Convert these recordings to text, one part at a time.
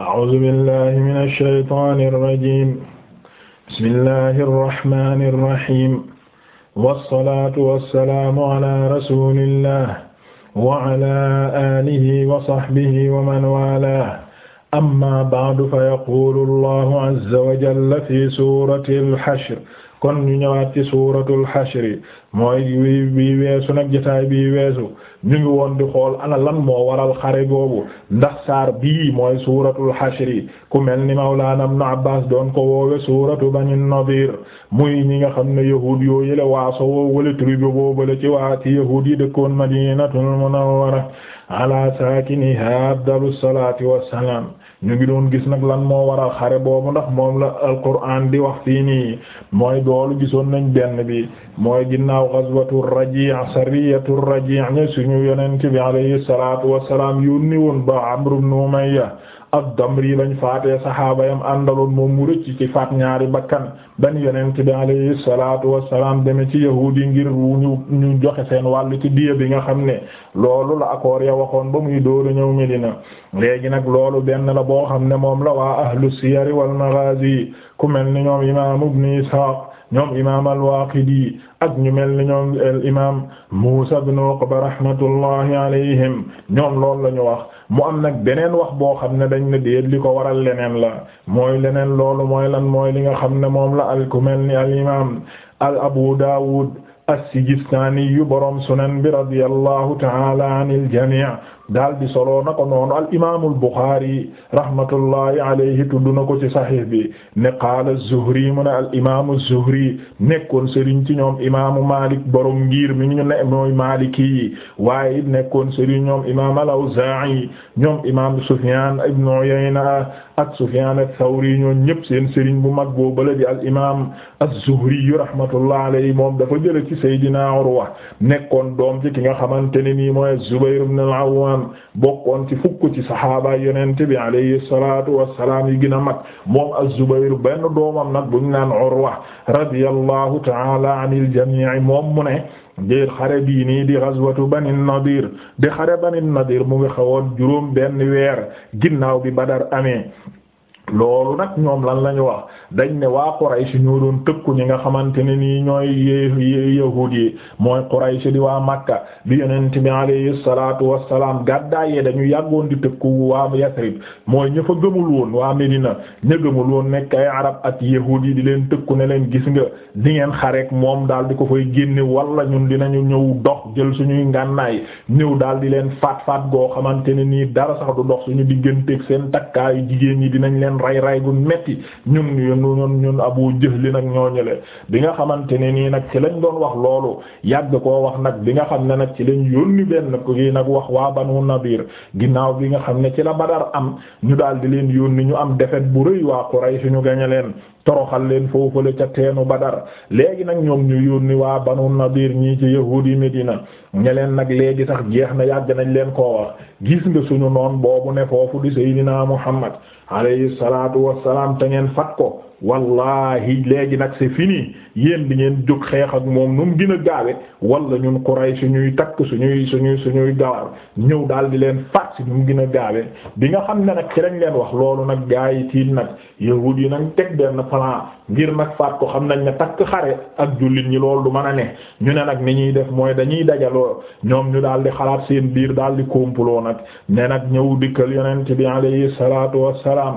أعوذ بالله من الشيطان الرجيم بسم الله الرحمن الرحيم والصلاة والسلام على رسول الله وعلى آله وصحبه ومن والاه أما بعد فيقول الله عز وجل في سورة الحشر kon ñu ñëwaat ci suuratul xashri mooy bii bii weesu nag jotaay bii weesu ñu ngi woon di xool ana lan moo waral xare boobu ndax saar bii mooy suuratul xashri ku mel ni Mawlaana Ibn Abbaas doon ko woowe suuratu Bani Nadiir muy ñi nga xam ne yahuud yoo yële waaso woo wala tribu boobale ci waa ci yahuud yi dëkkoon Madinatul Munawwara ala saakinihaa afdalu salaati wassalaam ñu ngi doon gis nag lan moo waral xare boobu ndax moom la alquran di wax fii nii mooy doolu gisoon nañ benn bi mooy ginnaaw ghazwatu raji' sariyatu raji' ñu suñu yonent bi alayhi salaatu wassalaam yónni woon ba Amr ibn Umayya ad-Damri bañ faatee saxaaba yam àndaloon moom mu rëcc ci faat ñaari bakkan ban yonent bi alayhi salaatu wassalaam deme ci yahuudi ngir ñu ñu joxe seen wàllu ci diya bi nga xam ne loolu la accord ya waxoon ba muy dóoru ñëw Medina léegi nag loolu benn la boo xam ne moom la waa ahlu siyar wal maghazi ku mel ni ñoom imaam ibn Ishaq ñoom imaam al-Waaqidi ak ñu mel ni ñoom al imaam Muusaa ibn Uqba rahmatullahi alayhim ñoom loolu la ñu wax mu am nag beneen wax boo xam ne dañ ne déet li ko waral leneen la mooy leneen loolu mooy lan mooy li nga xam ne moom la al ku mel ni al imaam al abu daawud as-Sijistaani yu borom sunan bi radiyallahu ta'ala anil jamii daal di solo na ko noonu al imaamul Buxaari rahmatullahi alayhi tudd na ko ci saxiix bi ne qaala Zuhri mu ne al imaamu Zuhri nekkoon sëriñ ci ñoom imaamu Maalik borom ngir mi ñu ne mooy Maaliki yi waaye it nekkoon sëriñ ñoom imaam al-Awzaa'i ñoom imaam Sufyaan ibn Uyayna ak Sufyaan as-Sawri ñoo ñëpp seen sëriñ bu mag boo bala di al imaam az-Zuhri rahmatullah alayhi moom dafa jële ci Seydina Urwa nekkoon doom ci ki nga xamante ne nii mooy Zubayr ibn al-Awwam bokkoon ci fukk ci saxaaba yonent bi alayhi salaatu wassalaam yi gina a mag moom az-Zubayr benn doomam nag buñ naan Urwa radiyallahu ta'ala anil jamii moom mu ne di xare bii nii di ghazwatu Bani Nadir di xare Bani Nadir mu ngi xawoon juróom benn weer ginnaaw bi Badar loolu nag ñoom lan lañu wax dañ ne waa su ñoo doon tëkku ni nga xamante ne nii ñooy yahuud yi mooy Quraysh di waa Makka bi yonent bi alayhi salaatu wassalaam gàddaayee dañu yàggoon di tëkku waa Yasrib mooy ña fa gëmul woon waa Medina ña gëmul woon nekk ay arab ak yahuud yi di leen tëkku ne leen gis nga di ngeen xareek moom daal di ko koy génne walla ñun dinañu ñëw dox jël suñuy ngànnaay ñëw daal di leen faat faat goo xamante ne nii dara sax du dox seen takkaayu jigéen ñi dinañ leen doon ray ray gu metti ñun ñun ñun Abu Jahl nag ñoo ñële bi nga xamante ne nii nag ci lañ doon wax loolu yàgg koo wax nag bi nga xam ne nag ci lañ yónni benn kii nag wax waa Banu Nadir ginnaaw bi nga xam ne ci la Badar am ñu daal di leen ni ñu am defet bu rëy waa rey su ñu gañe leen toroxal leen foofule ca teenu Badar léegi nag ñoom ñu ni waa Banu Nadir ñii ci yahuudi Medina ñe leen nag léegi sax jeex na yàgg nañ leen koo wax gis nga suñu noon boobu ne foofu di Seydina Muhammad alayhi salaatu wassalaam te ngeen fat ko wallahi léegi nag c'est fini yéen di ngeen jóg xeex ak moom nu mu gën a gaawe wala ñun Quraysh ñuy takk suñuy su suñuy gawar ñëw daal di leen fat si nu mu gën a gaawe bi nga xam ne nag ci lañ leen wax loolu nag gaa yi tiit nag yahuud yi nag teg benn plan ngir nag faat ko xam nañ ne takk xare ak jullit ñi loolu du mën a ne ñu ne nag ni ñuy def mooy dañuy dajaloo ñoom ñu daal di xalaat seen biir daal di complot nag ne nag ñëw dikkal yonent bi alayhi salaatu wassalaam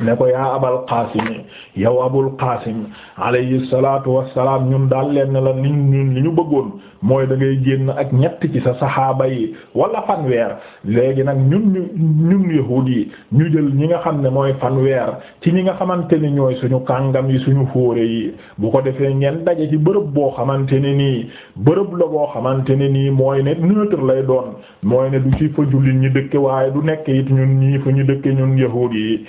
ne ko yaa abal qaasimi yow abul qaasim alayhi salaatu wassalaam ñun daal leen la ni ñun li ñu bëggoon mooy dangay génn ak ñett ci sa saxaaba yi wala fanweer léegi nag ñun ñu ñun yahuud yi ñu jël ñi nga xam ne mooy fanweer ci ñi nga xamante ni ñooy suñu kàngam yi suñu fóore yi bu ko defee ngeen daje ci bërëb boo xamante ni nii bërëb la boo xamante ni nii mooy ne neutre lay doon mooy ne du ci fa jullit ñi dëkke waaye du nekk it ñun ñii fu ñu dëkke ñun yahuud yi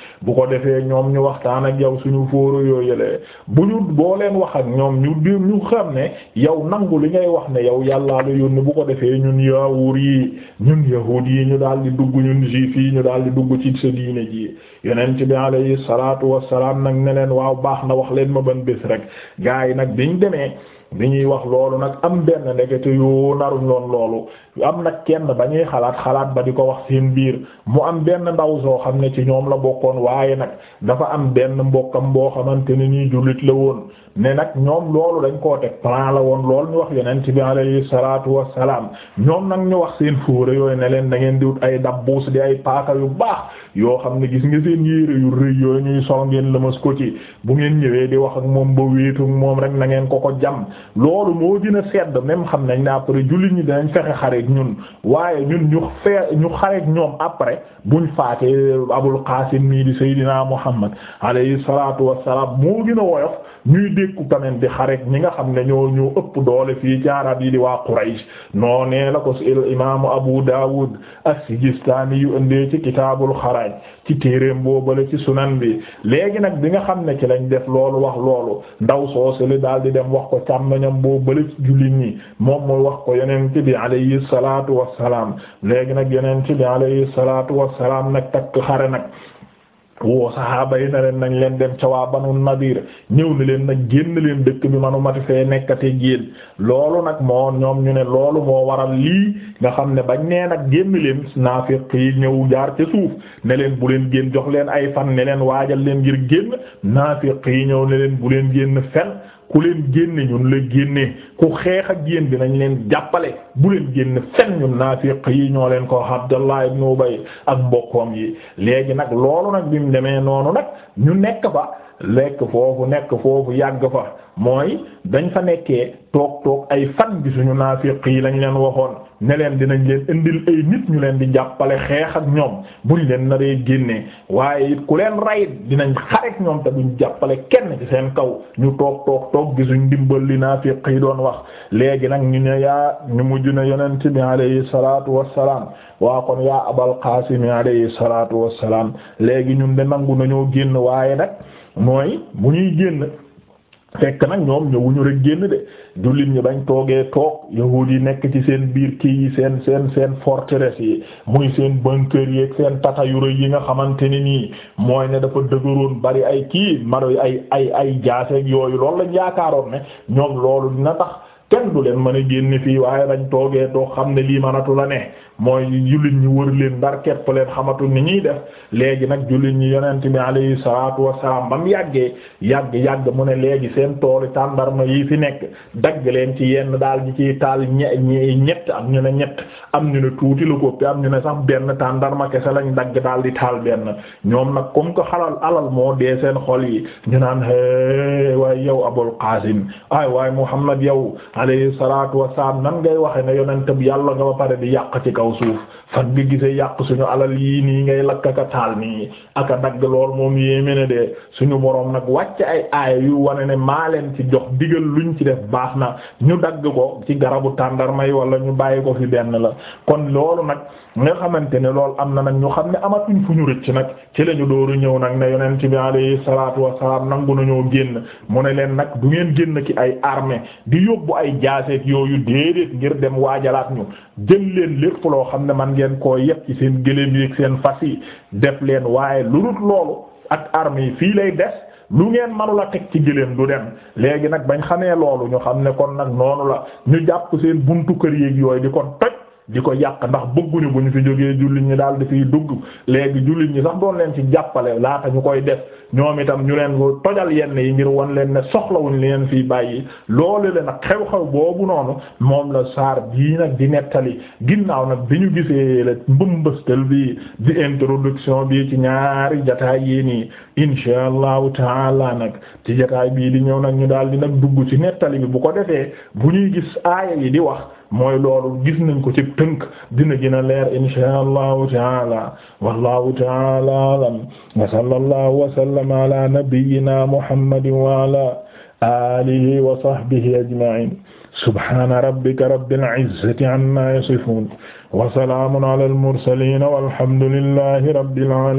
defee ñoom ñu waxtaan ak yow suñu fóoro yoo yëlee bu ñu boo leen wax ak ñoom ñu di ñu xam ne yow nangu li ngay wax ne yow yàllaa la yónni bu ko defee ñun yaawur yi ñun yahuud yi ñu daal di dugg ñun juif yi ñu daal di dugg ci sa diine ji yonent bi alayhi salaatu wassalaam nag neleen waaw baax na wax leen ma ban bés rek gaa yi nag biñ demee bi ñuy wax loolu nag am benn ndekete yoo naruñ loon loolu am nag kenn ba ñuy xalaat xalaat ba di ko wax seen biir mu am benn ndaw soo xam ne ci ñoom la bokkoon waaye nag dafa am benn mbokkam boo xamante ni nii jullit la woon ne nag ñoom loolu dañ koo teg plan la woon lool ñu wax yonent bi alayhi salaatu wassalaam ñoom nag ñu wax seen fóore yooyu ne leen da ngeen di wut ay dabbuus di ay paaka yu baax yoo xam ne gis nga seen yéere yu rëy yooyu ngeen lëmas ko ci bu ngeen ñëwee di wax ak moom ba moom rek na ngeen ko ko jam loolu moo gën a sedd même xam nañ ne après jullit ñi dinañ fexe xareek ñun waaye ñun ñu fee ñu xareek ñoom après buñ faatee abul qaasim mii di seydinaa muhammad alayhi salaatu wassalaam moo gën a woyof ñuy dékku tamit di xareek ñi nga xam ne ñoo ñoo ëpp doole fii ci arab yi di waa quraysh noo nee la ko si imaamu abu daawud a sijistaani yu indee ci kitaabul xaraaj ci téereem boobale ci sunan bi léegi nag bi nga xam ne ci lañ def loolu wax loolu ndaw soosali daal di dem wax ko càmmañam boobale ci jullit ñi moom mooy wax ko yeneen yonent bi alayhi salaatu wassalaam léegi nag yonent bi alayhi salaatu wassalaam nag takk xare nag woo saxaaba yi na leen nañ leen dem ca waa banu nadir ñëw na leen nag génn leen dëkk bi manu mati fee nekkate génn loolu nag moo ñoom ñu ne loolu moo waral lii nga xam ne bañ nee nag génn leen naafiq yi ñëw jaar ca suuf ne leen bu leen génn jox leen ay fan ne leen waajal leen ngir génn naafiq yi ñëw ne leen bu leen génn fel ku leen génne ñun la génne ku xeex ak yéen nañ leen jàppale bu leen génne fen ñun naafiq yi ñoo leen ko Abdallah ibn Ubay ak mbokkoom yi léegi nag loolu nag bi mu demee noonu nag ñu nekk fa lekk foofu nekk foofu yàgg fa mooy dañ fa nekkee toog toog ay fan bi suñu yi lañ leen waxoon ne leen dinañ leen indil ay nit ñu leen di jàppale xeex ak ñoom buñ leen naree génnee waaye it ku leen rayit dinañ xareek ñoom te jàppale kenn ci seen kaw ñu toog toog toog gisuñ ndimbal li naafiq yi doon wax léegi nag ñu ne yaa ñu mujj ne yonent bi alayhi salaatu wassalaam waa kon yaa abal qaasimi alayhi salaatu wassalaam léegi ñun nangu nañoo génn waaye nag mooy bu ñuy génn fekk nag ñoom ñëwuñu rek génn de jullit ñi bañ toogee toog yahuud yi nekk ci seen biir kii yi seen seen seen forteresse yi muy seen bunker yi ak seen tata yu yi nga xamante ne nii mooy ne dafa dëgëroon bari ay kii maro ay ay ay jaaseeg yooyu loolu lañ yaakaaroon ne ñoom loolu dina tax kenn du leen mën a génn fii waaye dañ toogee toog xam ne lii manatu la ne mooy jullit ñi wër leen ndar képp leen xamatu ni ñuy def léegi nag jullit ñu yonent bi alayhi salaatu wassalaam bam yàggee yàgg yàgg mu ne léegi seen toolu tàndarma yii fi nekk dagg leen ci yenn daal ñi ciy taal ñe ñett am ñu ne ñett am ñu ne tuuti lu ko am ñu ne sax benn tàndarma kese lañ dagg daal di taal benn ñoom nag comme ko xalal alal moo dee seen xol yi ñu naan waaye yow Abul Qasim ay waaye Muhammad yow alayhi salaatu wasalaam nan ngay waxe ne yonentam yàlla nga ba pare di yàq ci kaw suuf fat nga gisee yàq suñu alal yii nii ngay lakk ka taal nii aka dagg lool moom yéeme ne de suñu boroom nag wàcc ay aaya yu wane ne maa leen ci jox digal luñ ci def baax na ñu dagg ko ci garabu tàndarma yi wala ñu bàyyi ko fi benn la kon loolu nag nga xamante ne lool am na nag ñu xam ne amatuñ fu ñu rëcc nag ci lañu ñu dooru ñëw nag ne yonent bi alayhi salaatu wassalaam nangu nañoo génn mu ne leen nag du ngeen génn ki ay armée di yóbbu ay jaaseet yooyu déedéet ngir dem waajalaat ngeen koo yépp ci seen gëléem yi seen fas yi def leen waaye lu dul loolu ak armi yi fii lay des lu ngeen manula teg ci gëléem du dem léegi nag bañ xamee loolu ñu xam ne kon nag noonu la ñu jàpp seen buntu kër yéeg yooyu di ko toj di ko yàq ndax bëgguñu bu ñu fi jógee jullit ñi daal di fiy dugg léegi jullit ñi sax doon leen ci jàppale laata ñu koy def ñoom itam ñu leen ko tojal yenn yi ngir wan leen ne soxlawuñ leen fiy bàyyi loolu leen nag xew-xew boobu noonu moom la saar bii nag di nettali ginnaaw nag bi ñu gisee la mbëmbëstal bi di introduction bi ci ñaari jataay yi nii insha allahu taala nag ci jataay bii di ñëw nag ñu daal di nag dugg ci nettali bi bu ko defee bu ñuy gis aaya yi di wax mooy loolu gis nañ ko ci tënk dina gën a leer inshaa allahu taala wallahu taala alam wa sallallahu wa sallama ala nabiyyina muhammadin wa ala alihi wa sahbihi ajma'in subhana rabbika rabbil izzati amma yasifun wa salamun ala al mursalin walhamdulillahi rabbil alamin